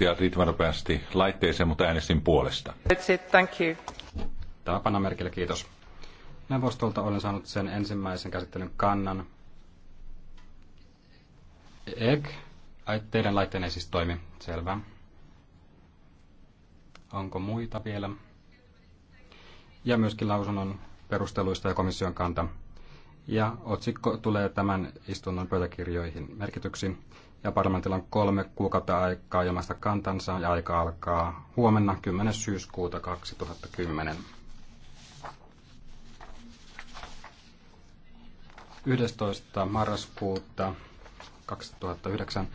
ja riittävän nopeasti laitteeseen, mutta äänestin puolesta. That's it, thank you. Taapana merkille, kiitos. Neuvostolta olen saanut sen ensimmäisen käsittelyn kannan. Ek, teidän laitteenne siis toimi, selvä. Onko muita vielä? Ja myöskin lausunnon perusteluista ja komission kanta ja otsikko tulee tämän istunnon pöytäkirjoihin merkityksi. Ja parlamentilla on kolme kuukautta aikaa ilmaista kantansa ja aika alkaa huomenna 10. syyskuuta 2010. 11. marraskuuta 2009